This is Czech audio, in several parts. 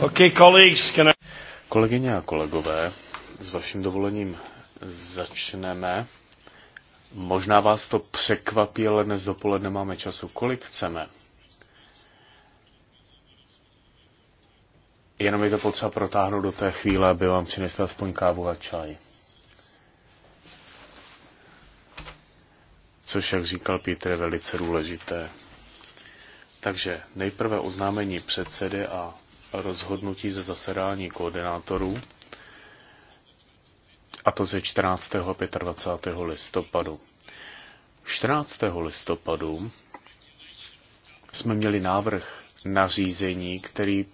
Okay, colleagues, can I... Kolegyně a kolegové, s vaším dovolením začneme. Možná vás to překvapí, ale dnes dopoledne máme času, kolik chceme. Jenom je to potřeba protáhnout do té chvíle, aby vám přinesl aspoň kávu a čaj. Což, jak říkal Pítr, je velice důležité. Takže nejprve oznámení předsedy a rozhodnutí ze zasedání koordinátorů, a to ze 14. a 25. listopadu. 14. listopadu jsme měli návrh nařízení, který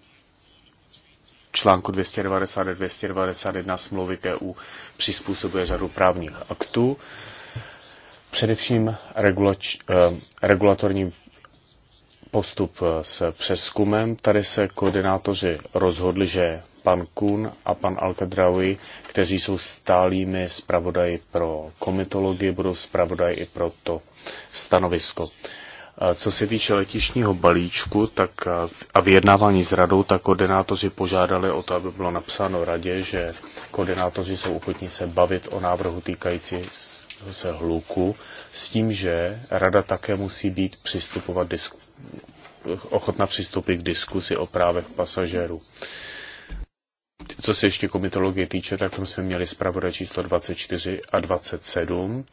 článku 290 a 291 smlouvy EU přizpůsobuje řadu právních aktů, především regulač, eh, regulatorním postup eh, s přeskumem. Tady se koordinátoři rozhodli, že pan Kuhn a pan Alkadraui, kteří jsou stálými zpravodaji pro komitologii, budou zpravodaji i pro to stanovisko. Eh, co se týče letišního balíčku tak eh, a vyjednávání s radou, tak koordinátoři požádali o to, aby bylo napsáno radě, že koordinátoři jsou ochotní se bavit o návrhu týkající se hluku, s tím, že rada také musí být přistupovat disk, ochotna přistoupit k diskusi o právech pasažérů. Co se ještě komitologie týče, tak tam jsme měli zpravodaj číslo 24 a 27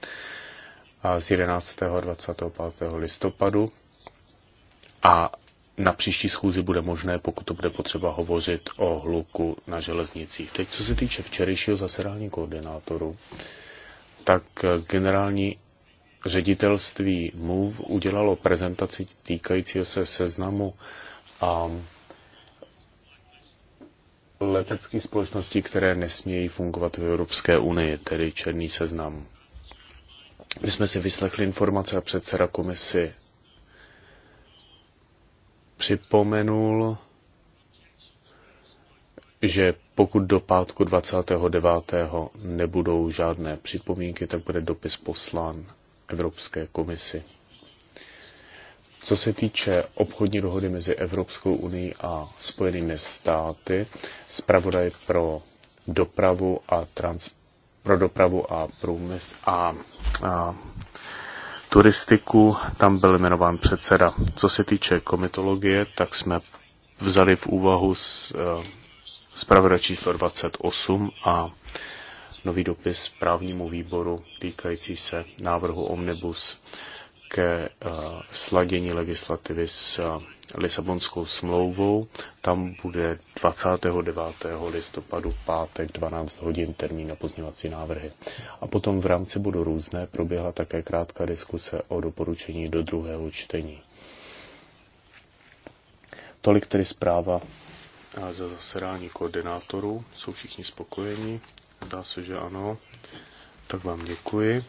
a z 11. a 25. listopadu. A na příští schůzi bude možné, pokud to bude potřeba, hovořit o hluku na železnicích. Teď, co se týče včerejšího zasedání koordinátoru, tak generální ředitelství MOVE udělalo prezentaci týkajícího se seznamu a um, letecké společností, které nesmějí fungovat v Evropské unii, tedy černý seznam. My jsme si vyslechli informace a předseda komisi připomenul, že pokud do pátku 29. nebudou žádné připomínky, tak bude dopis poslán Evropské komisi. Co se týče obchodní dohody mezi Evropskou unii a Spojenými státy, zpravodaj pro dopravu a trans, pro dopravu a průmysl a, a turistiku, tam byl jmenován předseda. Co se týče komitologie, tak jsme vzali v úvahu z, eh, zpravodaj číslo 28 a nový dopis právnímu výboru týkající se návrhu Omnibus ke eh, sladění legislativy s eh, Lisabonskou smlouvou. Tam bude 29. listopadu pátek 12 hodin termín na pozměňovací návrhy. A potom v rámci bodu různé proběhla také krátká diskuse o doporučení do druhého čtení. Tolik tedy zpráva eh, za zasedání koordinátorů. Jsou všichni spokojeni. Dá se, že ano. Tak vám děkuji.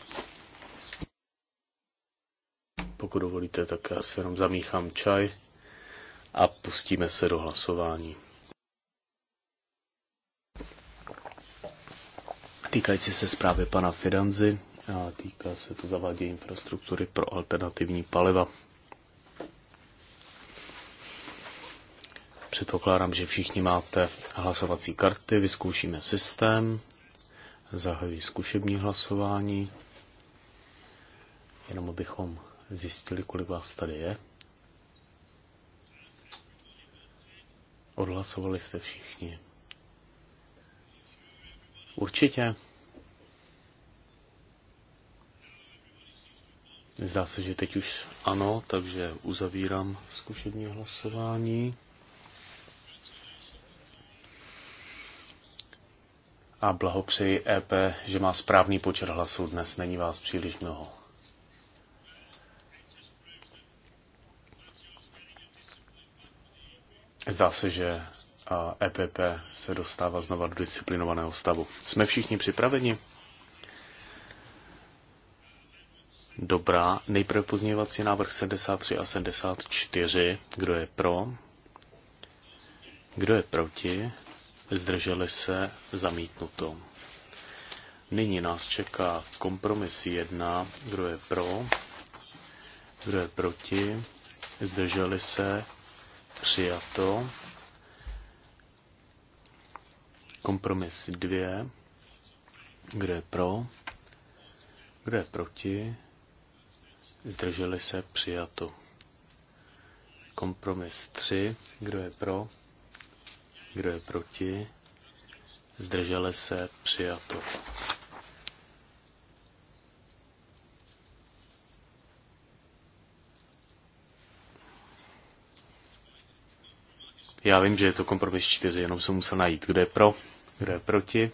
Pokud dovolíte, tak já se jenom zamíchám čaj a pustíme se do hlasování. Týkající se zprávy pana Fidanzy a týká se to zavádění infrastruktury pro alternativní paliva. Předpokládám, že všichni máte hlasovací karty, vyzkoušíme systém. Zahajuji zkušební hlasování, jenom abychom zjistili, kolik vás tady je. Odhlasovali jste všichni. Určitě. Zdá se, že teď už ano, takže uzavírám zkušební hlasování. a blahopřeji EP, že má správný počet hlasů. Dnes není vás příliš mnoho. Zdá se, že EPP se dostává znova do disciplinovaného stavu. Jsme všichni připraveni? Dobrá, nejprve pozměňovací návrh 73 a 74. Kdo je pro? Kdo je proti? zdrželi se, zamítnuto. Nyní nás čeká kompromis 1, kdo je pro, kdo je proti, zdrželi se, přijato. Kompromis 2, kdo je pro, kdo je proti, zdrželi se, přijato. Kompromis 3, kdo je pro, kdo je proti? Zdrželi se přijato. Já vím, že je to kompromis 4, jenom jsem musel najít, kdo je pro, kdo je proti.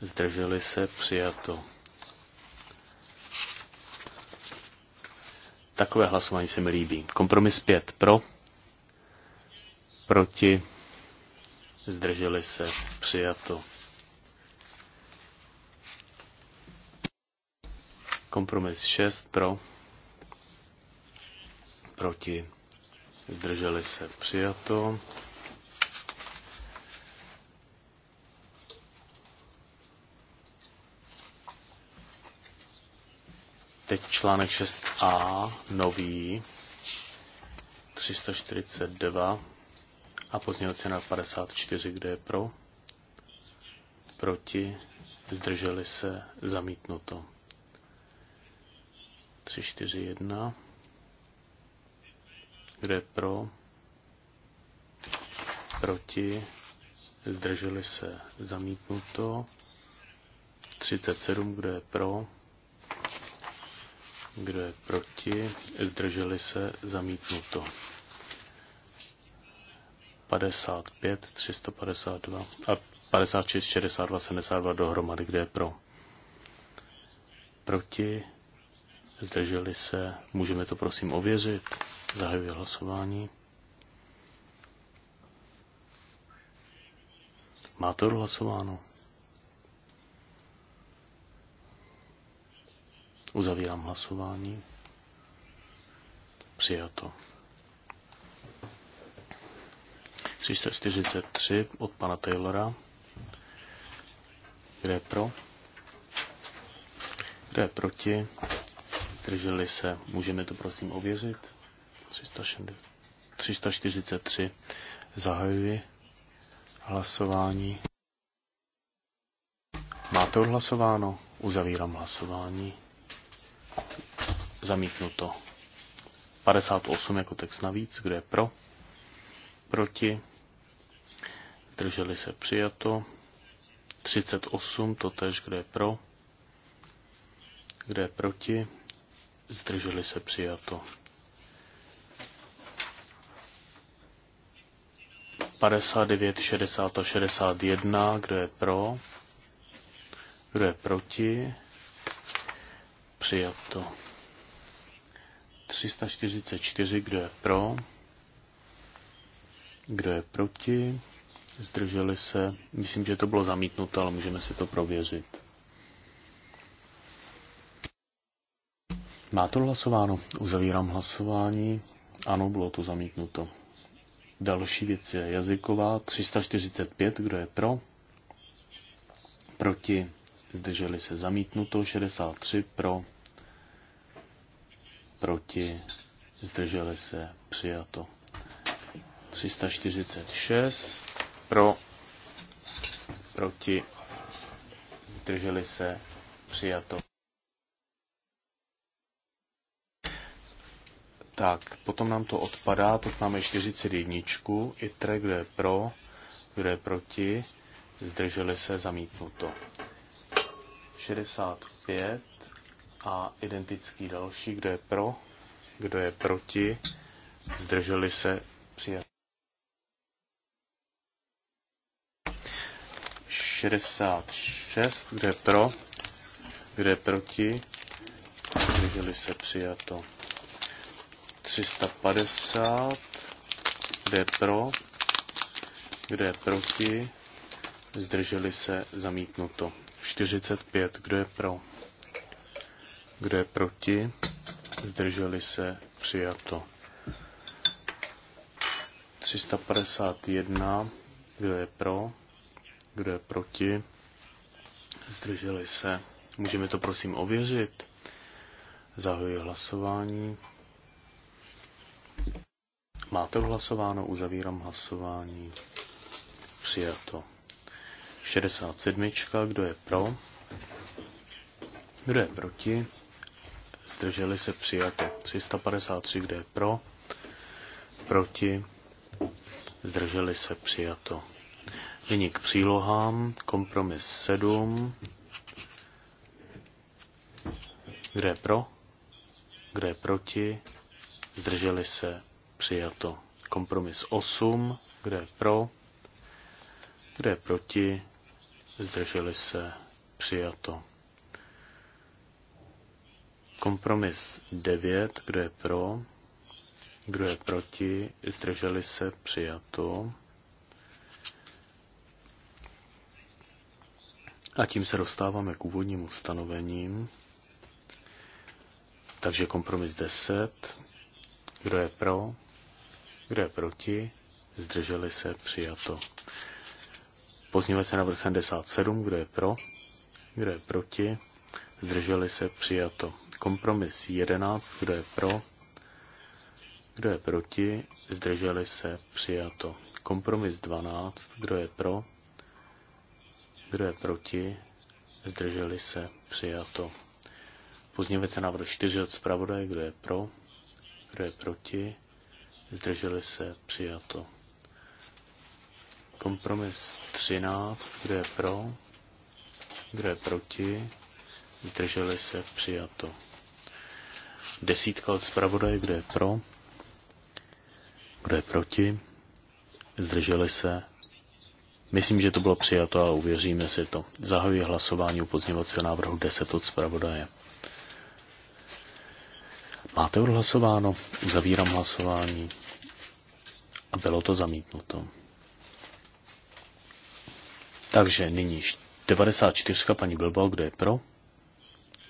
Zdrželi se přijato. Takové hlasování se mi líbí. Kompromis 5 pro, proti zdrželi se, přijato. Kompromis 6 pro, proti, zdrželi se, přijato. Teď článek 6a, nový, 342 a pozměňovací na 54, kde je pro, proti, zdrželi se, zamítnuto. 3, 4, 1, kde je pro, proti, zdrželi se, zamítnuto. 37, kde je pro, kdo je proti, zdrželi se, zamítnuto. 55, 352 a 56, 62, 72 dohromady, kde je pro. Proti, zdrželi se, můžeme to prosím ověřit, zahajuji hlasování. Má to hlasováno? Uzavírám hlasování. Přijato. 343 od pana Taylora. Kde je pro? Kdo je proti? Zdrželi se. Můžeme to prosím ověřit. 343. Zahajuji hlasování. Máte odhlasováno? Uzavírám hlasování. Zamítnuto. 58 jako text navíc. Kdo je pro? Proti? zdrželi se přijato, 38, to tež, kdo je pro, kdo je proti, zdrželi se přijato. 59, 60 a 61, kdo je pro, kdo je proti, přijato. 344, kdo je pro, kdo je proti, zdrželi se. Myslím, že to bylo zamítnuto, ale můžeme si to prověřit. Má to hlasováno? Uzavírám hlasování. Ano, bylo to zamítnuto. Další věc je jazyková. 345, kdo je pro? Proti. Zdrželi se zamítnuto. 63 pro. Proti. Zdrželi se přijato. 346 pro, proti, zdrželi se, přijato. Tak, potom nám to odpadá, teď máme 41, tre, kde je pro, kde je proti, zdrželi se, zamítnuto. 65 a identický další, kde je pro, kdo je proti, zdrželi se, přijat. 66, kde je pro, kde je proti, zdrželi se přijato. 350, kde je pro, kde je proti, zdrželi se zamítnuto. 45, kdo je pro, kdo je proti, zdrželi se přijato. 351, kdo je pro, kdo je proti? Zdrželi se. Můžeme to prosím ověřit. Zahajuji hlasování. Máte hlasováno, uzavírám hlasování. Přijato. 67. Kdo je pro? Kdo je proti? Zdrželi se přijato. 353. Kdo je pro? Proti? Zdrželi se přijato. Nyní k přílohám. Kompromis 7. Kde je pro? Kde je proti? Zdrželi se? Přijato. Kompromis 8. Kde je pro? Kde je proti? Zdrželi se? Přijato. Kompromis 9. Kdo je pro? Kdo je proti? Zdrželi se? Přijato. A tím se dostáváme k úvodním ustanovením. Takže kompromis 10. Kdo je pro? Kdo je proti? Zdrželi se přijato. Pozdíme se na 77. Kdo je pro? Kdo je proti? Zdrželi se přijato. Kompromis 11. Kdo je pro? Kdo je proti? Zdrželi se přijato. Kompromis 12. Kdo je pro? Kdo je proti? Zdrželi se? Přijato. Pozněvece návrh 4 od zpravodaje. Kdo je pro? Kdo je proti? Zdrželi se? Přijato. Kompromis 13. Kdo je pro? Kdo je proti? Zdrželi se? Přijato. Desítka od zpravodaje. Kdo je pro? Kdo je proti? Zdrželi se? Myslím, že to bylo přijato a uvěříme si to. Zahajuji hlasování u pozněvacího návrhu 10 od zpravodaje. Máte odhlasováno? Uzavírám hlasování. A bylo to zamítnuto. Takže nyní 94. paní Bilbao, kdo je pro?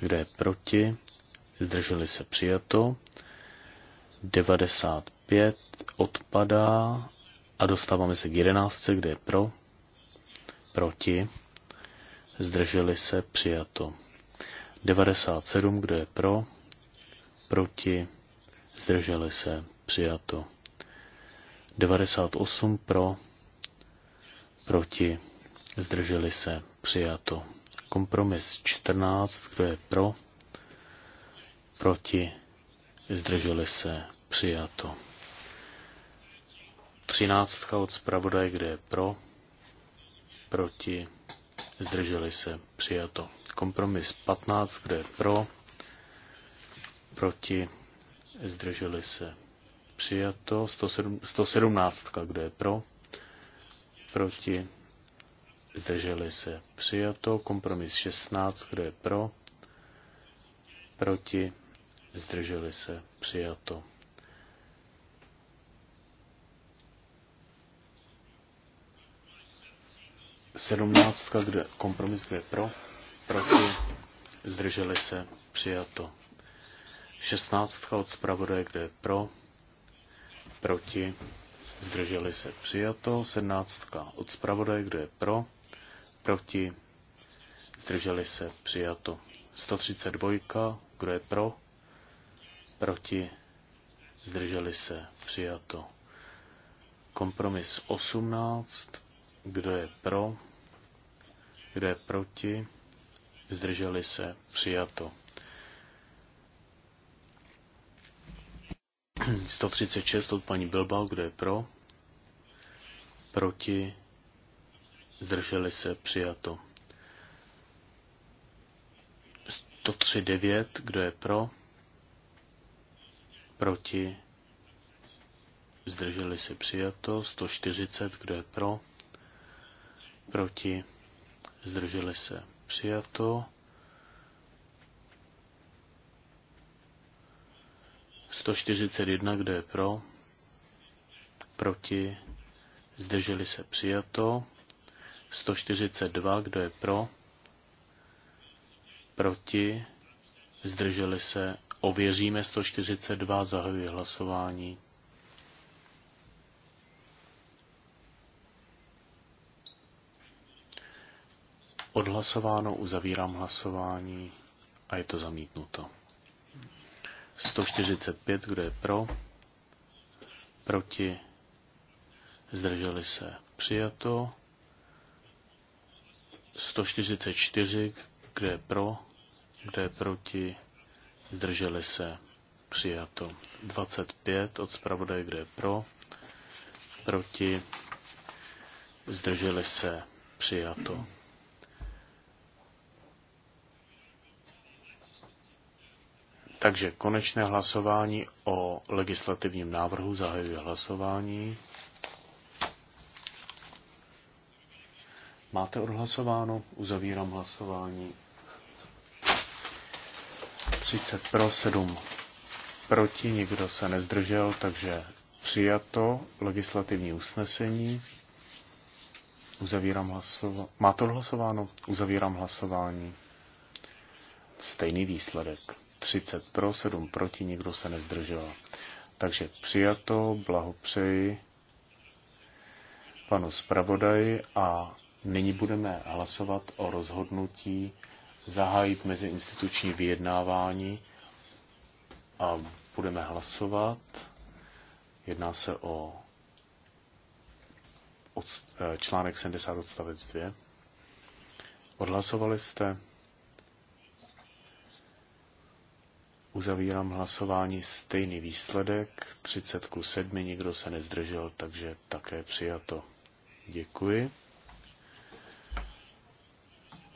Kdo je proti? Zdrželi se přijato. 95 odpadá a dostáváme se k 11, kde je pro, proti, zdrželi se, přijato. 97, kdo je pro, proti, zdrželi se, přijato. 98 pro, proti, zdrželi se, přijato. Kompromis 14, kdo je pro, proti, zdrželi se, přijato. Třináctka od zpravodaje, kde je pro, proti, zdrželi se, přijato. Kompromis 15, kde je pro, proti, zdrželi se, přijato. 117, kde je pro, proti, zdrželi se, přijato. Kompromis 16, kde je pro, proti, zdrželi se, přijato. 17, kde kompromis, kde pro, proti, zdrželi se, přijato. 16 od zpravodaje, kde je pro, proti, zdrželi se, přijato. 17 od zpravodaje, kde je pro, proti, zdrželi se, přijato. 132, kdo je pro, proti, zdrželi se, přijato. Kompromis 18, kdo je pro, kdo je proti? Zdrželi se? Přijato. 136 od paní Bilbao, kdo je pro? Proti? Zdrželi se? Přijato. 139, kdo je pro? Proti? Zdrželi se? Přijato. 140, kdo je pro? Proti? zdrželi se přijato. jedna kdo je pro, proti, zdrželi se přijato. 142, kdo je pro, proti, zdrželi se, ověříme 142, zahajuji hlasování. odhlasováno, uzavírám hlasování a je to zamítnuto. 145, kdo je pro, proti, zdrželi se, přijato. 144, kdo je pro, kdo je proti, zdrželi se, přijato. 25 od zpravodaje, kdo je pro, proti, zdrželi se, přijato. Takže konečné hlasování o legislativním návrhu zahajuje hlasování. Máte odhlasováno? Uzavírám hlasování. 30 pro, 7 proti, nikdo se nezdržel, takže přijato legislativní usnesení. Uzavírám hlasování. Máte odhlasováno? Uzavírám hlasování. Stejný výsledek. 30 pro, 7 proti, nikdo se nezdržel. Takže přijato, blahopřeji panu zpravodaji a nyní budeme hlasovat o rozhodnutí zahájit meziinstituční vyjednávání a budeme hlasovat. Jedná se o eh, článek 70 odstavec 2. Odhlasovali jste Uzavírám hlasování stejný výsledek, 30 ku 7, nikdo se nezdržel, takže také přijato. Děkuji.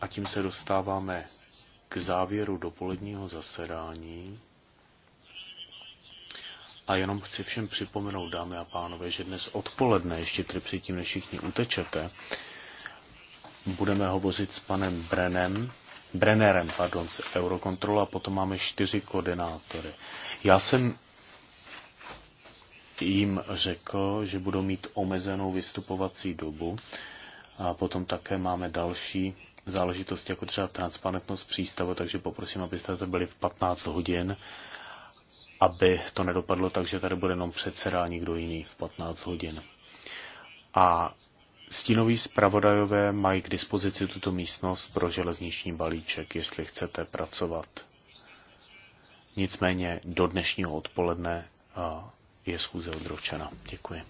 A tím se dostáváme k závěru dopoledního zasedání. A jenom chci všem připomenout, dámy a pánové, že dnes odpoledne, ještě tedy předtím, než všichni utečete, budeme hovořit s panem Brenem, Brennerem pardon, z Eurocontrol a potom máme čtyři koordinátory. Já jsem jim řekl, že budou mít omezenou vystupovací dobu a potom také máme další záležitosti, jako třeba transparentnost přístavu, takže poprosím, abyste to byli v 15 hodin, aby to nedopadlo tak, že tady bude jenom předseda a nikdo jiný v 15 hodin. A Stínoví zpravodajové mají k dispozici tuto místnost pro železniční balíček, jestli chcete pracovat. Nicméně do dnešního odpoledne je schůze odročena. Děkuji.